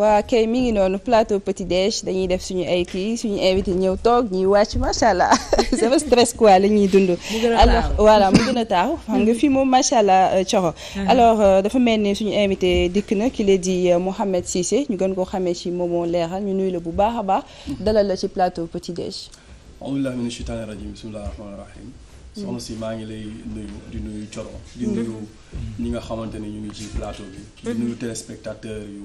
waa kay mi ngi noonu plateau petit déj dañuy def suñu ay kii suñu invité ñëw toog ñuy wàcc macha allah sama stress quoi la ñuy dund. wala mu gën a taaw nga fii moom macha allah euh, coxo uh-huh. alors euh, dafa mel ni suñu invité dikk na ki di euh, Mouhamed Cissé ñu gën koo xamee ci moomoo leeral ñu nuyu la bu baax a baax dalal la ci plateau petit déj. soxna si maa ngi lay nuyu di nuyu Coro di mm-hmm. ñi nga xamante ne ñu ngi ci plateau bi. di mm-hmm. nuyu téléspectateur yu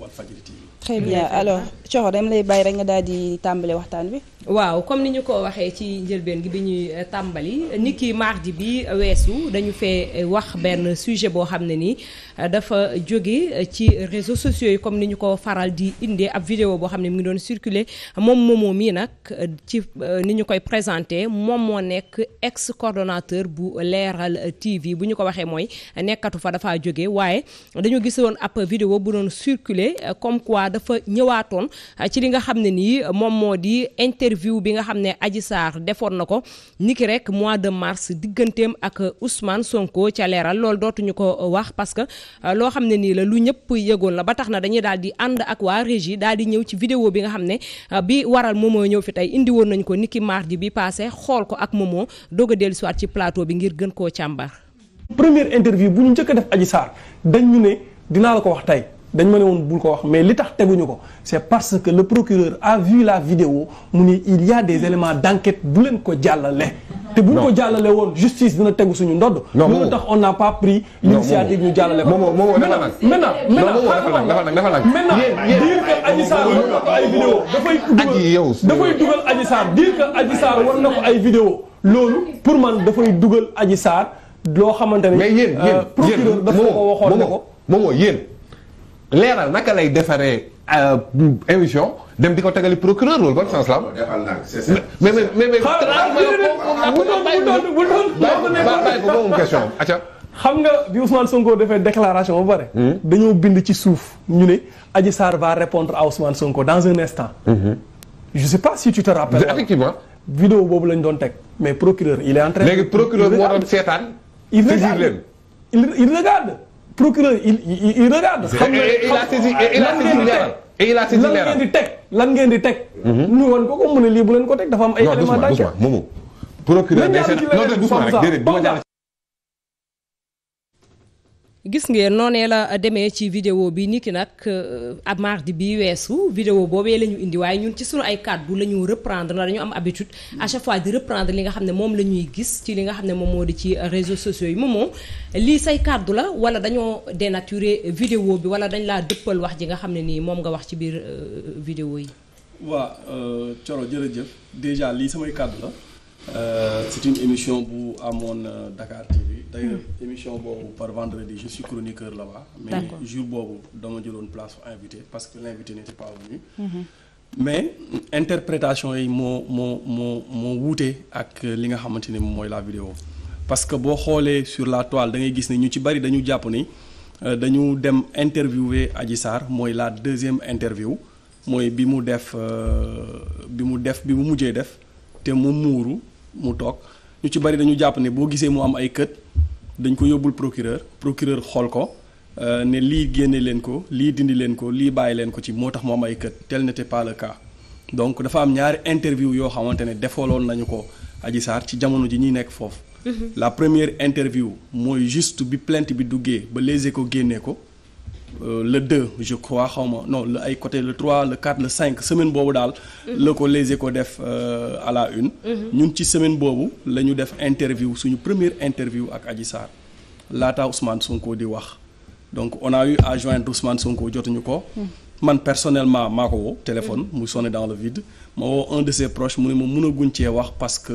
Walfadjri TV. très bien alors Coro dem lay bàyyi rek nga daal di tàmbale waxtaan wi waaw comme ni ñu ko waxee ci njëlbeen gi bi ñuy eh, tàmbali ni ki mardi bi weesu dañu fee eh, wax benn sujet boo xam ne ni eh, dafa jóge ci réseau sociaux yi comme ni ñu ko faral di indee ab vidéo boo xam ne mu ngi doon circuler moom moomoo mii nag ci ni ñu koy présenté moom moo nekk ex bu Leeral TV bu ñu ko waxee mooy nekkatu fa dafa jóge waaye gisoon ab bu doon circuler comme dafa ñëwaatoon ci li nga xam ne nii moom moo di interview interview bi nga xam ne Adji saar defoon na ko niki rek mois de mars digganteem ak Ousmane Sonko ca leeral lool dootuñu ko wax parce que euh, loo xam ne nii la lu ñëpp yëgoon la ba tax na dañuy daal di ànd ak waa régie daal di ñëw ci vidéo bi nga xam ne euh, bi waral moomoo ñëw fi tey indi woon nañ ko niki mardi bi passé xool ko ak Momo doog a dellusiwaat ci plateau bi ngir gën koo càmbar. première interview bu ñu njëkk a def aji Sarr dañ ñu ne dinaa la ko wax tey. dañ ma ne woon bul ko wax mais li tax teguñu ko c'est parce que le procureur a la vidéo mu ni il y a des éléments d'enquête bu leen ko jàllale te bu ñu ko jàllale woon justice dina tegu suñu ndodd loolu tax on n'a pas pris l'initiative ñu jàllale ko moom moom dafa nag maintenant maintenant dafa nag dafa nag ay vidéo dafay dugal dafay dugal Adji Sarr dire war na ko ay vidéo loolu pour man dafay dugal aji Sarr loo xamante ne mais euh, procureur dafa ko waxoon ne ko moomoo yéen leeral naka lay defaree émission dem di ko tegali procureur loolu bon sens la am. mais mais mais mais. xaaral nga bi Ousmane Sonko defee déclaration ba pare. dañoo bind ci suuf ñu ne Adji Sarr va répondre à Ousmane Sonko dans un instant. je sais pas si tu te rappelles. effectivement. boobu lañ doon teg mais procureur il est en léegi procureur seetaan. il regarde. procureur il il regarde. xam nga il a saisi il a di teg lan di teg. ñu mhm. woon ko ko mu ne lii bu leen ko teg dafa am ay éléments. non doucement doucement moomu. procureur day seet non doucement rek déedéet du ma gis ngeen noonee la demee ci vidéo bi niki nag euh, ab mardi bi weesu video boobee la ñu indi waaye ñun ci suñu ay kàddu la ñu reprendre na dañu am habitude à chaque fois di reprendre li nga xam ne moom la ñuy gis ci li nga xam ne moom moo di ci réseaux sociaux yi moom moom lii say kàddu la wala dañoo dénaturer vidéo bi wala dañ laa dëppal wax ji nga xam ne nii moom nga wax ci biir euh, vidéo yi waa Coro euh, jërëjëf déjà lii samay kàddu la c'est émission bu amoon d'ailleurs hmm. émission boobu par vendredi je suis chroniqueur là-bas. mais jour boobu dama jëloon place invité parce que l'invité n'était pas venu. mais interprétation yi moo moo moo moo wuute ak li nga xamante ne moom mooy la vidéo parce que boo xoolee sur la toile da gis ne ñu ci bari dañu jàpp ni euh, dañu dem interviewer Adji Sarr mooy la deuxième interview mooy bi mu def euh, bi mu def bi mujjee def te mu muuru mu toog ñu ci bari dañu jàpp ni boo gisee mu am ay kët dañ ko yóbbul procureur procureur xool ko euh, ne lii génne leen ko lii dindi leen ko lii bàyyi leen ko ci moo tax mu am ay kët tel na pas le cas donc dafa am ñaari interview yoo xamante ne defooloon nañu ko aji Sarr ci jamono ji ñuy nekk foofu mhm. la première interview mooy juste bi plainte bi duggee ba Les ko génnee ko Euh, le 2 je crois xaw ma non le ay côté le 3 le 4 le 5 semaine boobu daal. Mhm. la ko les ko def euh, à la une. Mhm. ñun ci semaine boobu la ñu def interview suñu première interview ak Adji Sarr laataa Ousmane Sonko di wax donc on a eu à joindre Sonko jotuñu ko. Mhm. man personnellement maa ko woo téléphone mu sonné dans le vide ma woo un de ses proches mu ne ma mën a guñ cee wax parce que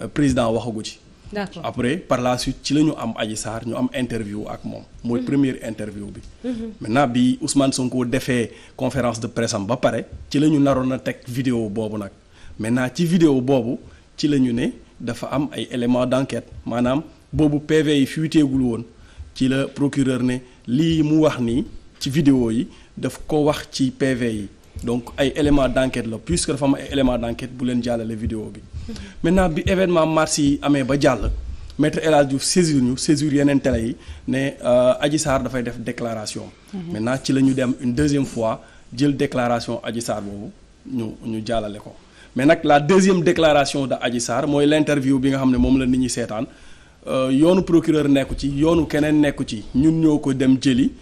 euh, président waxagu ci. d'accord après par la suite ci la ñu am Adji Sarr ñu am interview ak moom. mooy mm-hmm. première interview bi. Mm-hmm. maintenant bi Ousmane Sonko defee conférence de presse ba pare ci la ñu naroon a teg vidéo boobu nag maintenant ci vidéo boobu ci la ñu ne dafa am ay éléments d'enquête maanaam boobu PV yi fuiteegul woon ci la procureur ne lii mu wax nii ci vidéo yi daf ko wax ci PV yi. donc ay éléments d' enquête la puisque dafa am ay éléments d' bu leen jàllale vidéo bi. maintenant bi événement mars yi amee ba jàll maître El Hadj Diouf saisir ñu saisir yeneen télé yi ne euh, Adji Sarr dafay def déclaration. Mhm. maintenant ci la ñu dem une deuxième fois jël déclaration Adji Sarr boobu ñu ñu jàllale ko. mais nag la deuxième déclaration de Adji Sarr mooy l' interview bi nga xam ne moom la nit ñi seetaan euh, yoonu procureur nekku ci yoonu keneen nekku ci ñun ñoo ko dem jëli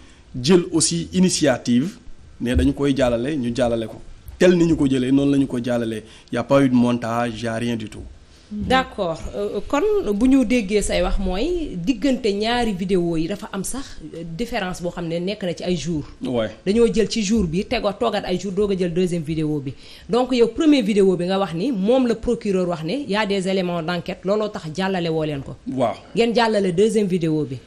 jël aussi initiative. ne dañu koy jàllale ñu jàllale ko tel ni ñu ko jëlee noonu lañu ko jàllalee y' a pas eu de montage d' mm-hmm. accord euh, kon bu ñu déggee say wax mooy diggante ñaari vidéo yi dafa am sax différence boo xam ne nekk na ci ay jours. waay dañoo jël ci jour bi tegoo toogaat ay jour doog a jël deuxième vidéo bi. donc yow premier vidéo bi nga wax ni moom la procureur wax ne yaa des éléments d' enquête looloo tax jàllale woo leen ko. waaw ngeen jàllale deuxième vidéo bi.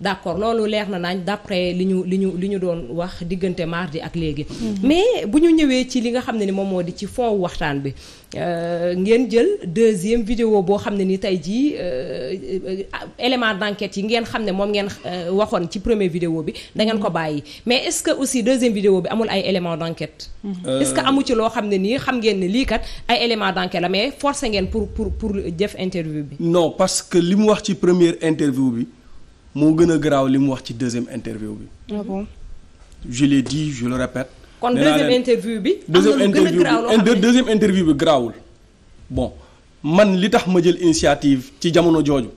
d'accord loolu leer na naañ d'après li ñu li ñu li ñu doon wax diggante mardi ak léegi. Mm-hmm. mais bu ñu ñëwee ci li nga xam ne ni moom moo di ci fond waxtaan bi euh, ngeen jël deuxième vidéo boo xam ne ni tey jii euh, élément d'enquête yi ngeen ne moom ngeen euh, waxoon ci premier vidéo bi da ngeen ko mm-hmm. bàyyi mais est-ce que aussi deuxième vidéo bi amul ay élément d'enquête. Mm-hmm. est-ce que amu ci loo xam ne nii xam ngeen ne lii kat ay élément d'enquête la mais force ngeen pour pour pour jëf interview bi. no parce que li mu wax ci première interview bi. moo gën a garaaw li mu wax ci deuxième interview bi. ah bon je l'ai dit je le répète. kon deuxième interview bi. am na lu gën a garaaw loo deuxième interview bi garaawul. bon man li tax ma jël initiative ci jamono jooju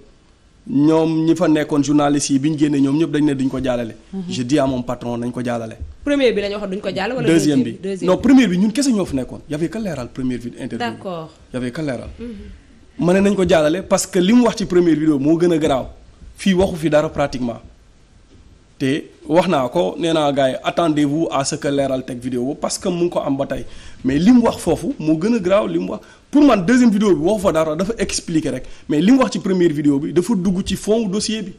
ñoom ñi fa nekkoon journaliste yi bi ñu génnee ñoom ñëpp dañ ne duñ ko jàllale. Mhm. je dis à mon patron nañ ko jàllale. premier bi lañ wax duñ ko jàllale wala deuxième bi non premier bi ñun kese ñoo fa nekkoon y avait que leeral première vidéo interview bi. d'accord y leeral. Mhm. ma ne nañ ko jàllale parce que li mu wax ci première vidéo moo gën a garaaw. fii waxu fi dara pratiquement te wax naa ko nee naa gars yi attendez-vous à ce que leeral teg vidéo parce que mu ngi ko am ba tey mais li mu wax foofu moo gën a graaw li mu wax pour man deuxième vidéo bi waxu fa dara dafa rek mais li wax ci première vidéo bi dafa dugg ci fond dossier bi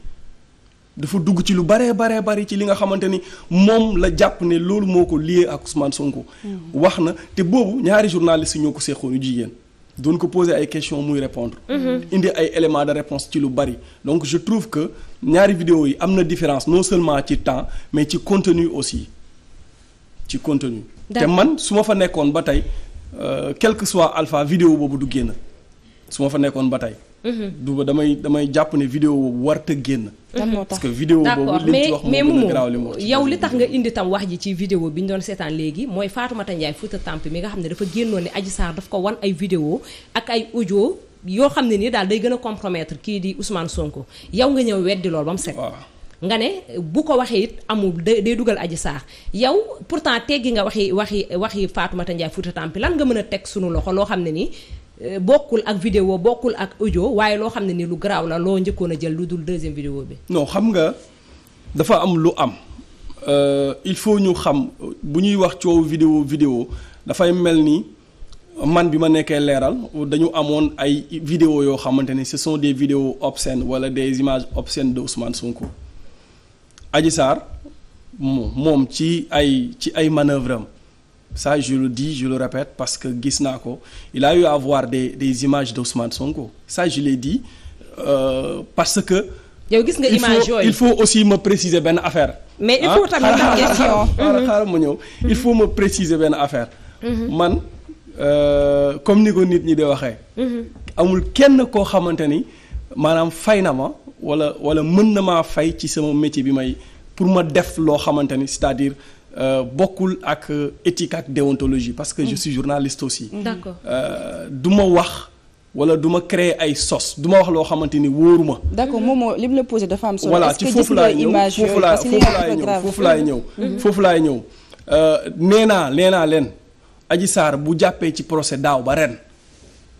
dafa dugg ci lu baree baree bari ci li nga xamante ni moom la jàpp ne loolu moo ko lié ak Ousmane Sonko. Mm. wax na te boobu ñaari journaliste ñoo ko seexoon yu jigéen. doon ko poser ay question muy répondre mhm. indi ay éléments de réponse ci lu bari donc je trouve que ñaari vidéo yi am na différence non seulement ci temps mais ci contenu aussi ci contenu te man su ma fa nekkoon ba tey euh, quel que soit alpha vidéo boobu du génn su ma fa nekkoon ba tey Mm-hmm. du damay damay jàpp ne vidéo boobu warta génn mm-hmm. parce que vidéo boobu li wax mais mu yow li tax nga indi wax ji ci vidéo bi ñu doon seetaan léegi mooy Fatoumata Ndiaye Fouta Tampi mi nga xam ne dafa génnoon ne Adji Sarr daf ko wan ay vidéo ak ay audio yoo xam ne nii daal day gën a compromettre kii di Ousmane Sonko yow nga ñëw weddi loolu ba mu set nga ne bu ko waxee it amul day dugal Adji Sarr yow pourtant teggi nga waxi waxi waxi Fatoumata Ndiaye Fouta Tampi lan nga mën a teg suñu loxo loo xam ne nii Euh, bokkul ak vidéo bokkul ak audio waaye loo xam ne ni lu garaaw la loo njëkkoon a jël lu dul deuxième vidéo bi. non xam nga dafa am lu am euh, il faut ñu xam bu ñuy wax coow vidéo vidéo dafay mel ni. man bi ma nekkee leeral dañu amoon ay vidéo yoo xamante ne ce des vidéos obscènes wala des images obscènes de Ousmane Sonko Adji Sarr moom ci ay ci ay manœuvre ça je le dis je le répète parce que gis naa ko il a eu voir des des images d'Ousmane Sonko ça je l'ai dit euh, parce que. yow gis nga image yooyu il faut aussi ma préciser benn affaire. mais il ah? faut ma question mhm. il faut ma préciser benn affaire. Mhm. man euh, comme ni ko nit ñi di waxee. Mhm. amul kenn koo xamante ni maanaam fay na ma wala wala mën na maa fay ci sama métier bi may pour ma def loo xamante ni c'est-à-dire. Euh, bokkul ak éthique ak déontologie parce que je mm. suis journaliste aussi. Mm. d'accord euh, du ma wax. wala du ma créer ay sos du ma wax loo xamante ni wóoru ma. d'accord moom mm-hmm. moo li mu la posé dafa am solo. voilà ci foofu laay ñëw mm-hmm. Mm-hmm. foofu laay ñëw foofu laay ñëw foofu laay naa nee naa leen Adji Sarr bu jàppee ci procès daaw ba ren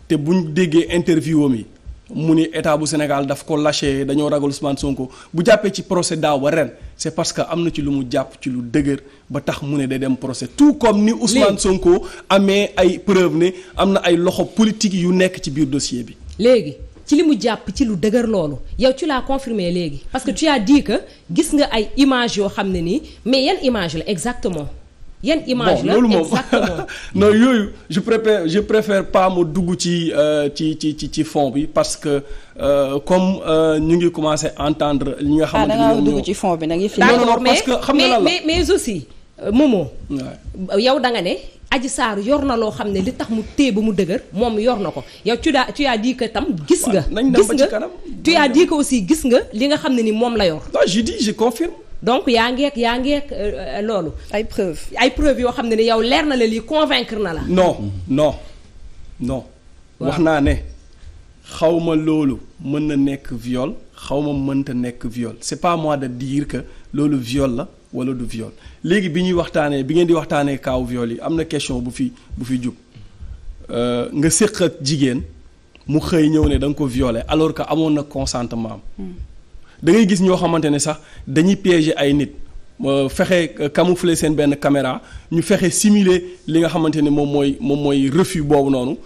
te buñ déggee interview am yi mu ni état bu Sénégal daf ko lâché dañoo ragal Ousmane Sonko bu jàppee ci procès daaw ba ren c' est parce que am na ci lu mu jàpp ci lu dëgër ba tax mu ne day dem procès tout comme ni Ousmane Sonko amee ay preuve ne am na ay loxo politique yu nekk ci biir dossier bi. léegi ci li mu jàpp ci lu dëgër loolu yow ci laa confirmé léegi parce que tu as dit que gis nga ay image yoo xam ne nii mais yan image la exactement. yan image la loolu moom non yooyu je préfère je préfère pas mu dugg ci euh, ci ci ci ci fond bi parce que euh, comme euh, ñu ngi commencé entendre li nga xamante ah, ci fond bi nag yëf non non xam nga lan mais mais aussi Momo yow da nga ne Adji Sarr yor na loo xam ne li tax mu téye ba mu dëgër moom yor na ko yow tu daa tu as dit gis nga gis nga tu as dit aussi gis nga li nga xam ne ni moom la yor je dis je confirme donc yaa ngee yaa ngeek euh, euh, loolu. ay preuve ay preuve yoo xam ne ni yow leer na la lii convaincre na la. non non non. wax naa ne xaw ma loolu mën na nekk viol xaw ma mënta nekk viol c'est pas mois de dire que loolu viol la wala du viol léegi bi ñuy waxtaanee bi ngeen di waxtaanee kaaw viol yi am na question bu fi bu fi jub euh, nga séq ak jigéen mu xëy ñëw ne da nga ko violé alors que amoon na consentement am. Hmm. da ngay gis ñoo xamante ne sax dañuy piéger ay nit fexe camoufler seen benn caméra ñu fexe simuler li nga xamante ne moom mooy moom mooy refus boobu noonu.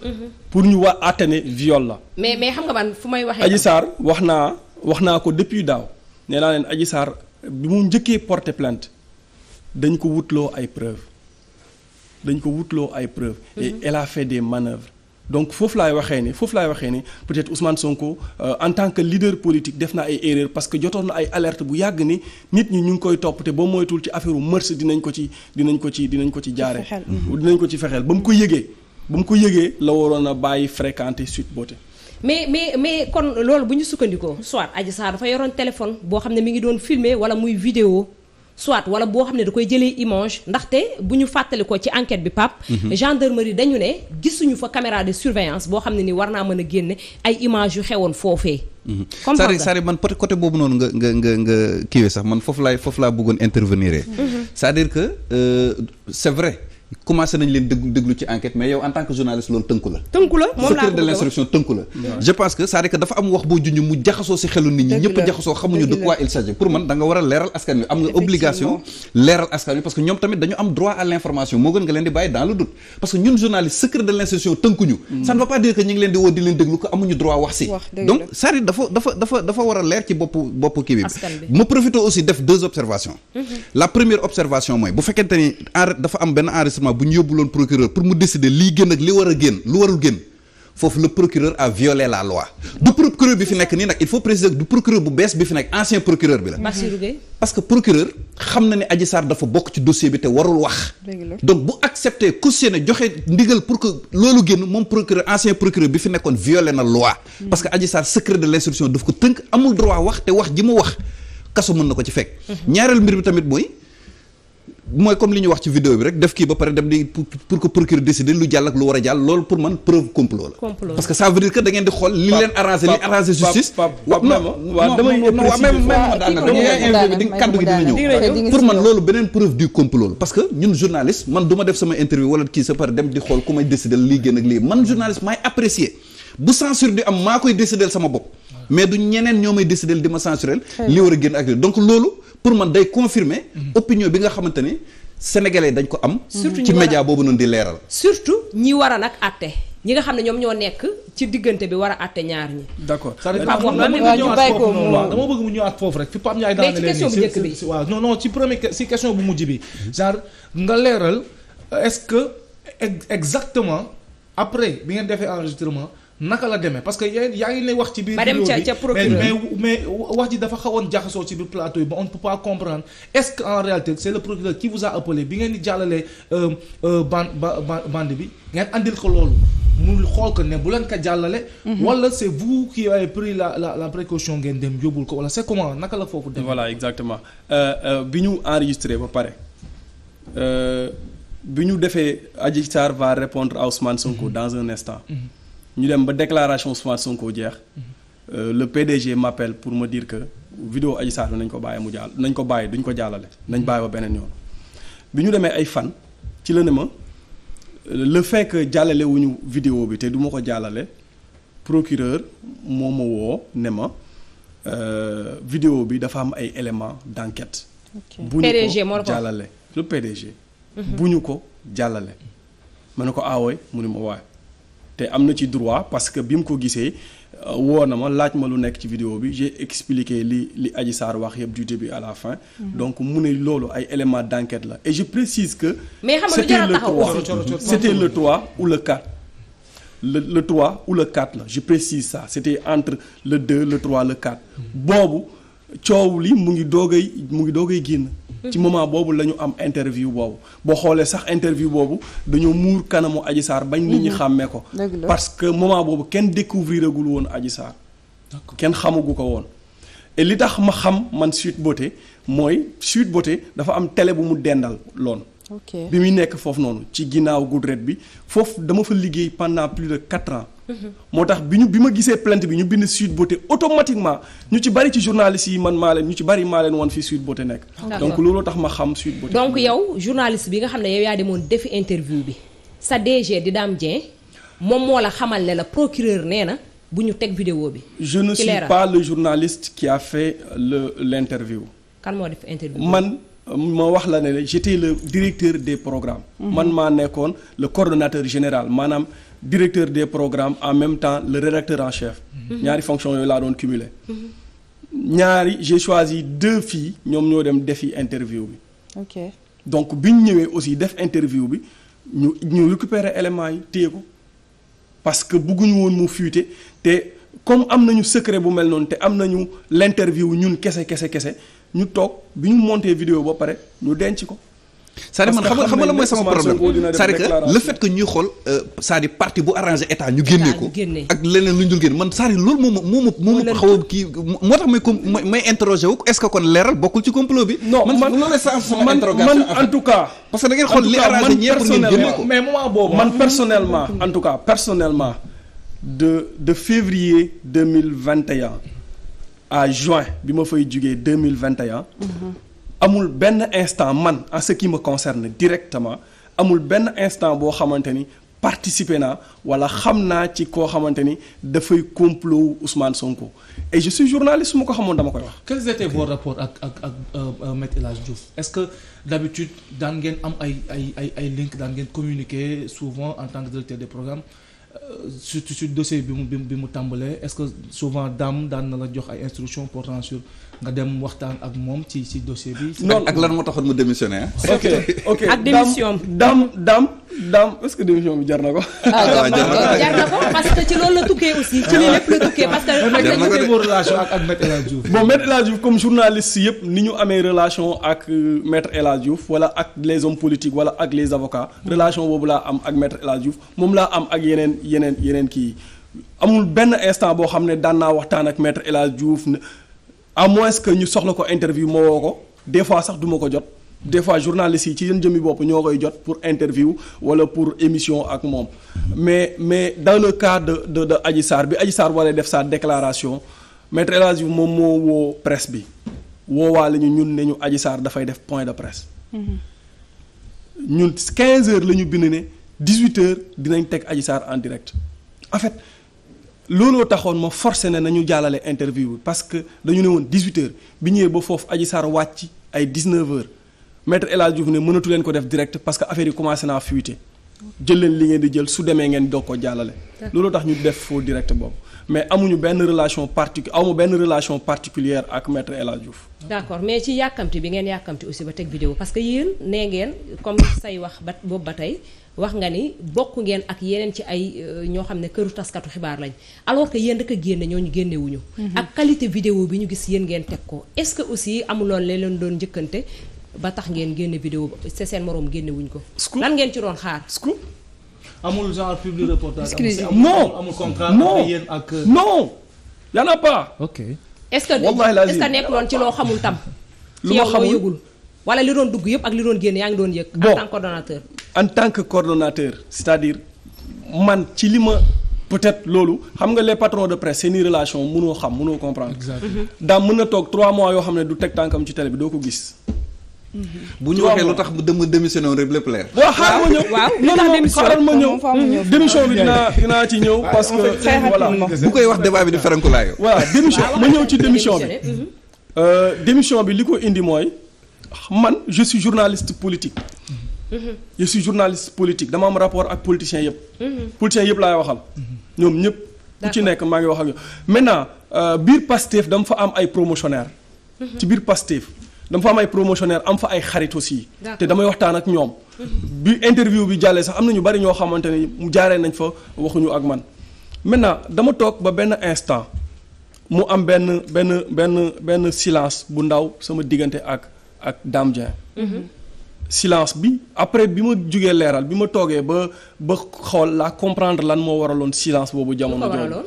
pour ñu wax àtte ne viol la. mais mais xam nga man fu may waxee. Adji Sarr wax naa wax naa ko depuis daaw nee naa leen Adji Sarr bi mu njëkkee porter plante dañ ko wutloo ay preuves dañ ko wutloo ay preuves. et mm-hmm. a fait des manœuvres. donc foofu laay waxee ni foofu laay waxee ni peut-être Ousmane Sonko euh, en tant que leader politique def na ay erreur parce que jotoon na ay alerte bu yàgg ni nit ñi ñu ngi koy topp te boo moytul ci affaire mërs dinañ ko ci dinañ ko ci dinañ ko ci jaaree. Mm-hmm. Mm-hmm. dinañ ko ci fexeel ba mu ko yëgee ba mu ko yëgee la waroon a bàyyi fréquenter Sweet Beauté. mais mais mais kon loolu bu ñu sukkandikoo soit Adji Sarr dafa yoroon téléphone boo xam ne mi ngi doon filmer wala muy video soit wala boo xam ne da koy jëlee image ndaxte bu ñu fàttali ko ci enquête bi Pape. Mhm. gendarmerie dañu ne gisuñu fa caméra de surveillance boo xam ne ni war naa mën a génne ay image yu xewoon foofee. Mhm. comme sari sari man côté côté boobu noonu nga nga nga nga kiiwee sax man foofu laay foofu laa bëggoon intervenir. Mhm. c'est-à-dire que euh, c'est vrai. commencé nañ leen déglu déglu ci enquête mais yow en tant que journaliste loolu tënku la. tënku la moom pense que cest à dafa am wax boo junj mu jaxasoo si xelu nit ñi. ñëpp jaxasoo xamuñu de il s'agit parce que ñoom tamit dañu am droit à l' moo gën nga leen di bàyyi dans le parce que ñun journaliste secret de l' tënkuñu. Mm. ça ne pas dire que ñu leen di woo di leen déglu que amuñu droit wax si. donc cest dafa dafa dafa enregistrement bu ñu yóbbuloon procureur pour mu décider lii génn ak li war a génn lu warul génn foofu le procureur a violé la loi du procureur bi fi nekk nii nag il faut préciser du procureur bu bees bi fi nekk ancien procureur bi la. parce que procureur xam na ne Adji Sarr dafa bokk ci dossier bi te warul wax. donc bu joxe ndigal pour que loolu génn moom procureur ancien procureur bi fi nekkoon violé na loi. parce que Adji Sarr secret de l'instruction daf ko tënk amul droit wax te wax ji mu wax kaso mën na ko ci fekk. Mhm. ñaareel mbir mi tamit mooy. mooy comme li ñu wax ci vidéo bi rek def kii ba pare dem di pour que procureur décider lu jàll ak lu war a jàll loolu pour man preuve complot la. parce que ça veut dire que di xool li leen arrangé li arrangé justice. Pape Pape man beneen preuve du complot parce que ñun journaliste man du ma def sama interview wala kii sa pare dem di xool ku may décider lii gën ak lii man journaliste maay apprécier bu censure di am maa koy décider sama bopp mais du ñeneen ñoo may décider di ma censurer li war a génn loolu pour man day confirmer opinion bi nga xamante ni sénégalais dañ ko am. surtout ci média boobu noonu di leeral. surtout ñi war a nag àtte ñi nga xam ne ñoom ñoo nekk ci diggante bi war a àtte ñaar ñi. d'accord d'accord ñu bàyyi ko mu waaw dama mu ñëwaat foofu rek fi Pape Ndiaye daan na leen ci question bu njëkk bi waaw ci premier si question bu mujj bi hmm. genre nga leeral est-ce que exactement après bi ngeen defee enregistrement. naka la demee parce que yaa ngi lay wax ci biir. ba dem ca ca procureur mais mais wax ji dafa xawoon jaxasoo ci biir plateau yi ba on ne pas comprendre est-ce que en réalité c'est le procureur qui vous a appelé bi ngeen di jàllalee euh, euh, ba bande bi ngeen indil ko loolu. mu xool ko ne bu leen ko jàllale. Mhm. wala c'est vous qui ay pris la la la précaution ngeen dem yóbbul ko wala c'est comment naka la foofu dem. voilà exactement euh, bi ñu enregistré ba pare bi ñu defee Adji Sarr va répondre à Ousmane mhm. dans un ñu dem ba déclaration Ousmane Sonko jeex euh, le PDG mappel pour ma diir que video Adji Sarr nañ ko bàyyi mu jàll nañ ko bàyyi duñ ko jàllale nañ bàyyi ba beneen yoon bi ñu demee ay fan ci la ne ma le fekk que jàllale wuñu vidéo bi te du ma ko jàllale procureur moo woo ne ma euh, vidéo bi dafa am ay éléments d'enquête bu ñu ko jàllale le PDG mhm. bu ñu ko jàllale ma ne ko aawooy ah mu ne ma waay te am na ci droit parce que bi mu ko gisee euh, woo na laaj ma lu nekk ci vidéo bi j'ai expliqué li li Adji Sarr wax yëpp du début à la fin. Mhm. donc mu ne loolu ay éléments d'enquête la et je précise que. c'était le 3 c'était le 3 ou le 4. le le 3 ou le 4 la je précise ça c'était entre le 2 le 3 le 4 mhm. boobu. coow li mu ngi doogay mu ngi doogay génn. ci mhm. moment boobu la ñu am interview boobu boo xoolee sax interview boobu dañoo muur kanamu Adji Sarr bañ nit ñi mhm. xàmmee ko. parce que moment boobu kenn découvriragul woon Adji Sarr. kenn xamagu ko woon. li tax ma xam man Sweet Beauté mooy Sweet Beauté dafa am tele bu mu dendal loon. bi muy nekk foofu noonu ci ginnaaw gudret bi foofu dama fa liggéey pendant plus de quatre ans. moo tax bi ñu bi ma gisee plainte bi ñu bind Sweet Beauté automatiquement ñu ci bari ci journaliste yi man maa leen ñu ci bari maa leen wan fii Sweet Beauté nekk. donc looloo tax ma xam Sweet Beauté. donc yow journaliste bi nga xam ne yow yaa demoon defi interview bi sa DG di daam Dieng moom moo la xamal ne la procureur nee na bu ñu teg vidéo bi. je ne suis le journaliste qui a fait le l'interview. kan moo def interview man. ma wax la ne j'étais le directeur des programmes. Mhm. man maa nekkoon le coordonnateur général maanaam directeur des programme en même temps le rédacteur en chef mhm. ñaari fonction yooyu laa doon cumulé mhm. ñaari j'ai choisi deux fii ñoom ñoo dem defi interview bi ok donc bi ñu ñëwee aussi def interview bi ñu ñu récupérer éléments yi téye ko parce que bëgguñu woon mu fuite te comme am nañu secret bu mel noonu te am nañu l'interview ñun kese kese kese ñu toog bi ñu monté vidéo ba pare ñu denc ko c'est-à-dire man xam nga xam nga la mooy sama problème c'est-à-dire que le ñuy xool euh, cest à bu arrangé état ñu génnee ko ak leneen lu ñu dul génne man c'est-à-dire loolu moom moo ma moo ma xaw a kii moo tax may com may interroger wu est-ce que man personnellement en tout cas personnellement de de février 2021 à juin bi ma fay jugee 2021 amul benn instant man en ce qui me concerne directement amul benn instant boo xamante ni participer naa wala xam naa ci koo xamante ni dafay complot Ousmane Sonko et je suis journaliste su ma ko xamoon dama koy wax. quels étaient vos rapport ak ak ak euh, euh, Maître El Hadji est-ce que d'habitude daan ngeen am ay ay ay ay link daan ngeen communiquer souvent en tant que directeur des programmes surtout euh, sur dossier bi mu bi mu tàmbalee est-ce que souvent daam daan na la jox ay instructions portant sur. nga dem waxtaan ak moom ci ci dossier bi. non ak lan moo taxoon mu démissionné ok ok ak démission dam dam dam est que démission bi ah, ah, jar na ko. parce que ci loolu la tukkee aussi ci lii la tukkee parce que. jar na ak ak maître El Hadj comme journaliste yëpp ni ñu amee relation ak euh, maître El wala ak les hommes politiques wala ak les avocats relation boobu laa am ak maître El moom laa am ak yeneen yeneen yeneen kii amul benn instant boo xam ne daan naa waxtaan ak maître El Hadj Diouf. à moins que ñu soxla ko interview moo woo ko des fois sax duma ko jot des fois journalistes yi ci yéen jëmmi bopp ñoo koy jot pour interview wala pour émission ak moom mais mais dans le cas de de de Adji Sarr bi Adji Sarr waree def sa déclaration maître El Hadji moom moo woo presse bi woowaale ñu ñun ne ñu Adji Sarr dafay def point de presse. Mm-hmm. ñun 15 heures la ñu bind ne 18 heures dinañ teg Adji Sarr en direct en fait. looloo taxoon ma forcé ne nañu jàllale interview bi parce que dañu ne woon 18 heures bi ñëwee ba foofu Adji Sarr wàcc ay 19 heures maître El Hadj ne mënatu leen ko def direct parce que affaire yi commencé naa fuiter jël leen li ngeen di jël su demee ngeen doog ko jàllale. looloo tax ñu def foo direct boobu mais amuñu benn relation particu amu benn relation particulière ak maître El Hadj Diouf. d' mais ci yàkkamti bi ngeen yàkkamti aussi ba teg vidéo parce que yéen nee ngeen comme say wax ba boobu ba tey. wax nga ni bokk ngeen ak yeneen ci ay euh, ñoo xam ne këru taskatu xibaar lañ alors que yéen rek a génne ñooñu génnewuñu mhm. ak qualité vidéo bi ñu gis yéen ngeen teg ko est-ce que aussi amuloon leen loon doon njëkkante ba tax ngeen génne vidéo c'est seen moroom génne wuñ ko lan ngeen ci doon xaar amul genre public reportage non amul contrat yéen ak euh, non y'en a pas ok est-ce que est-ce que nekkuloon ci loo xamul tam lu ma xamul wala li doon dugg yëpp ak li doon génne yaa ngi doon yëg. en tant que coordonnateur. en tant que coordonnateur c'est-à-dire man ci li ma peut-être loolu xam nga les patrons de presse seni relation mënoo xam munoo comprendre. Mhm. daam mën na toog 3 mois yoo xam ne du teg tànkam ci télé bi doo ko gis. Mhm. bu ñu waxee lu tax dama démissionné woon rek lépp leer. waaw xaaral ma ñëw waaw non non xaaral ma mhm. bi dinaa dinaa ci ñëw parce que. voilà bu koy wax débat bi di ferenkulaayoo. voilà démission ma ñëw ci démission bi. Euh, démission bi li ko indi mooy. man je suis journaliste politique. je suis journaliste politique dama am rapport ak politiciens yëpp. politiciens yëpp laay waxal. ñoom ñëpp. ku ci nekk maa ngi wax ak yow maintenant euh, biir Pastef dama fa am ay promotionnaire ci biir Pastef dama am ay promotionnaire am fa ay xarit aussi. te damay waxtaan ak ñoom. bi interview bi jàllee sax am na ñu bari ñoo xamante ni mu jaaree nañ fa waxuñu ak man maintenant dama toog ba benn instant mu am benn benn benn benn silence bu ndaw sama diggante ak. ak Dame mhm. silence bi après bi ma jugee leeral bi ma toogee ba ba xool laa comprendre lan moo waraloon silence boobu jamono jooju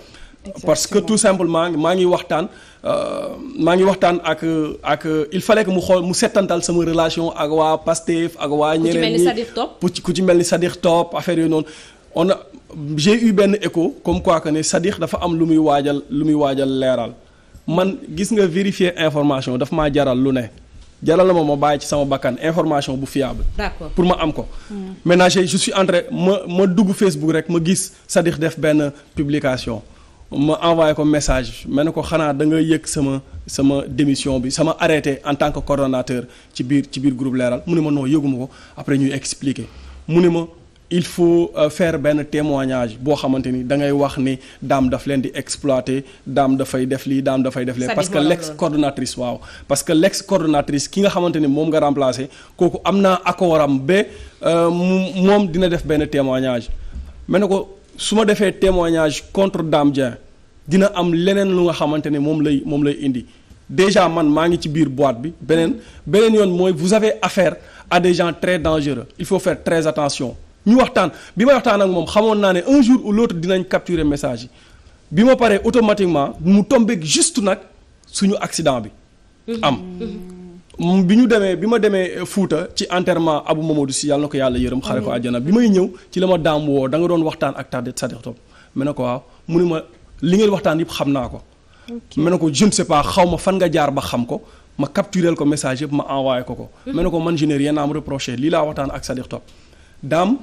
parce que tout simplement maa ngi waxtaan euh, maa ngi waxtaan ak ak il fallait que mu xool mu settantal sama relation ak waa Pastef ak waa ñeneen ñi ku ci mel ni Sadikh Top affaire yooyu noonu on benn écho comme quoi que ne Sadikh dafa am lu muy waajal lu muy waajal leeral man gis nga vérifier information dafa maa jaral lu ne jalal na ma ma bàyyi ci sama bàkkan information bu fiable. d'accord pour ma am ko. Mm. maintenant je suis ma ma dugg Facebook rek ma gis sa Sadikh def benn publication ma envoyé ko message ma ne ko xanaa da nga yëg sama sama démission bi sama arrêté en tant que coordonnateur ci biir ci biir groupe mu ne ma noo yëguma ko après ñuy expliquer mu ma. il faut euh, faire benn témoignage boo xamante ni da ngay wax ni daam daf leen di exploiter daam dafay def lii daam dafay def lee parce que l'ex coordonnatrice waaw parce que l'ex coordonnatrice ki nga xamante ni moom nga remplacer kooku am naa accord am ba euh, moom dina def benn témoignage mais ne ko su ma defee témoignage contre Dame Dieng dina am leneen lu nga xamante ne moom lay moom lay indi déjà man maa ngi ci biir boîte bi beneen beneen yoon mooy vous avez affaire à des gens très dangereux il faut faire très attention ñu waxtaan bi may waxtaan ak moom xamoon naa ne un jour ou l'autre dinañ capturer message yi bi ma paree automatiquement mu tombé juste nag suñu accident bi. am mm-hmm. bi ñu demee bi ma demee Fuuta ci enterrement Abu Mamadou Si yàlla na ko yàlla yërëm xare ko mm-hmm. àjjana bi may ñëw ci la ma daam woo da nga doon waxtaan ak Tade Sadikh Top ma ne ko waaw mu ne ma li ngeen waxtaan yëpp xam naa ko. ma ne ko je ne sais pas xaw ma fan nga jaar ba xam ko. ma capturel ko message yëpp ma envoyé ko ko. ma ne ko man je n'ai rien à lii laa waxtaan ak Sadikh Top daam.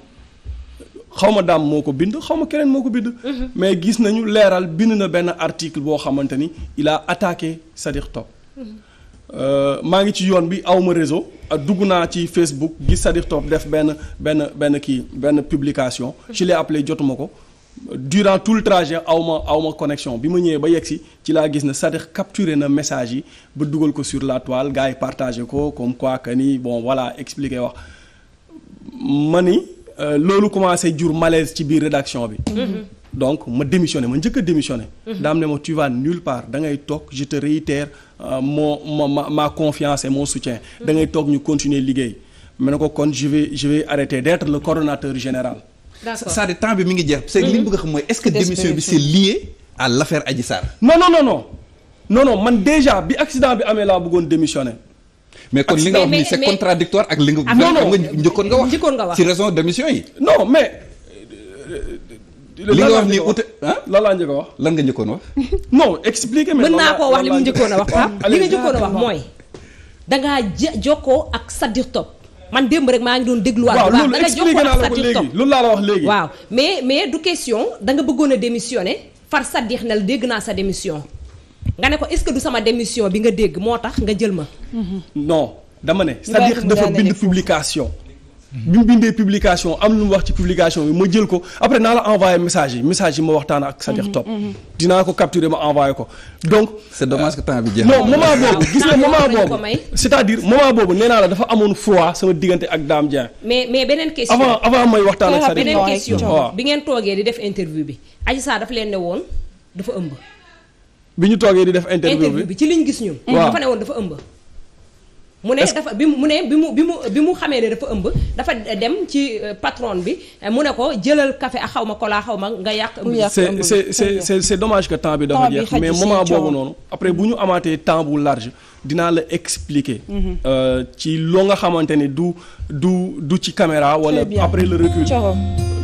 xaw ma daam moo ko bind xaw ma keneen moo ko bind. Mhm. mais gis nañu leeral bind na benn article boo xamante ni il a attaqué Sadiq Top. Mhm. Euh, maa ngi ci yoon bi aw ma réseau dugg naa ci Facebook gis Sadiq Top def benn benn benn kii benn publication. ci mhm. lay appelé jotuma ko. durant tout le trajet aw ma aw ma connexion bi ma ñëwee ba yegsi ci laa gis na Sadiq capturé na message yi ba dugal ko sur la toile gars yi ko comme quoi que ni bon voilà expliqué wax ma Euh, loolu commencé jur malaise ci biir rédaction bi. Mhm. donc ma démissionné ma njëkk a démissionné. Mhm. daam ma tu vas nulle part da ngay toog je te réitère euh, mon ma ma ma confiance et mon soutien. Mhm. da ngay toog ñu continuer liggéey. ma ne ko kon je vais je vais arrêter d'être le coordonnateur général. d'accord de temps bi mi ngi jeex. c'est li ñu bëgg a xam mooy est-ce que démission bi c'est lié à l'affaire Adji Sarr. non non non no non man déjà bi accident bi amee laa bëggoon démissionné. mais kon li nga wax ni c'est contradictoire ak li nga. Ah, non non njëkkoon nga wax njëkkoon nga wax ci raison démission yi. non mais. li nga wax nii ute lan wax. lan nga njëkkoon wax. non expliquer mais mën naa koo wax li ma njëkkoon a wax Pape ah? li nga njëkkoon a wax mooy. dangaa jokkoo ak Sadir Top. man démb rek maa ngi doon dégluwaat. waaw loolu expliqué naa la ko léegi loolu laa la wax léegi. waaw mais mais du question danga nga bëggoon a démissionner far Sadir ne la dégg naa sa démission. nga ne ko est que du sama démission bi nga dégg moo tax nga jël ma. non dama ne. c'est-à-dire dafa bind publication. bi mu bindee publication am lu mu wax ci publication bi ma jël ko après naa la envoyé message yi message yi ma waxtaan ak Sadiq Top. Mhm, mhm. dinaa ko capturer ma envoyé ko donc. c'est dommage bi jeex non moment ah, boobu gis nga moment boobu cest à boobu nee naa la dafa amoon froid sama diggante ak Dame Dieng. mais mais beneen question avant avant may waxtaan ak. Sadiq bi ngeen toogee di def interview bi. Adji dafa leen ne woon dafa ëmb. bi ñu toogee di def interview bi ci liñ gis ñun. dafa ne woon dafa ëmb. mu ne dafa bi mu ne bi mu bi mu bi mu xamee ne dafa ëmb dafa dem ci euh, patron bi euh, mu ne ko jëlal café ak xaw ma kola xaw ma nga yàq. mu yàq ëmb c'est c'est c'est c'est dommage temps bi dafa jeex mais moment boobu noonu. après bu ñu amaatee temps bu large dinaa la expliquer. Mhm. Euh, ci loo nga xamante ne du du du ci caméra wala après le recul.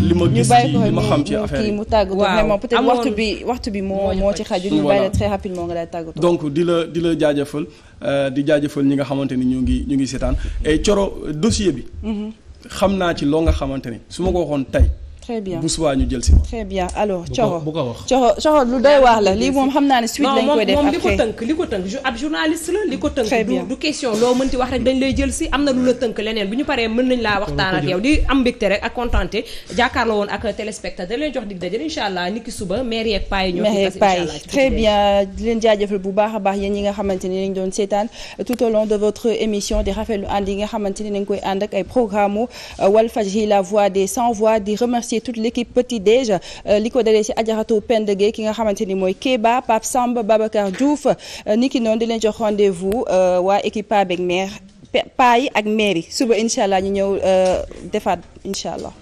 li ma gis ci li ma xam ci affaire yi mu tàggatoo vraiment peut-être waxtu bi waxtu bi moo moo ci xaju ñu bàyyi la très rapidement nga daal tàggatoo donc di la di la jaajëfal euh, di jaajëfal ñi nga xamante ni ñu ngi ñu ngi seetaan et coro dossier bi mm-hmm. xam naa ci loo nga xamante ni su ma ko waxoon tey très bien bu subaa ñu jël si. très bien alors Coro bu ko wax Coro Coro lu doy wax la lii moom xam naa ne suite lañ koy def moom li ko tënk li ko tënk ab journaliste la li ko tënk du question loo mënti wax rek dañ lay jël am na lu la tënk leneen bu ñu paree mën nañ laa waxtaan ak yow di am mbégte rek ak contenté jàkkaarloo woon ak téléspectateur leen jox dig daje incha allah niki suba maire yeeg paa ñoo maire yeeg paa très bien di leen jaajëfal bu baax a baax yéen yi nga xamante euh, la remercier toute l'équipe Petit Déj euh, li ko dalee ci Adjaratou Penda Gueye ki nga xamante ni mooy Kéba Pape Samb Babacar Diouf euh, ni ki noonu di leen jox rendez-vous euh, waa équipe Pape ak mère paa yi ak mère yi suba incha allah ñu ñëw defaat incha allah.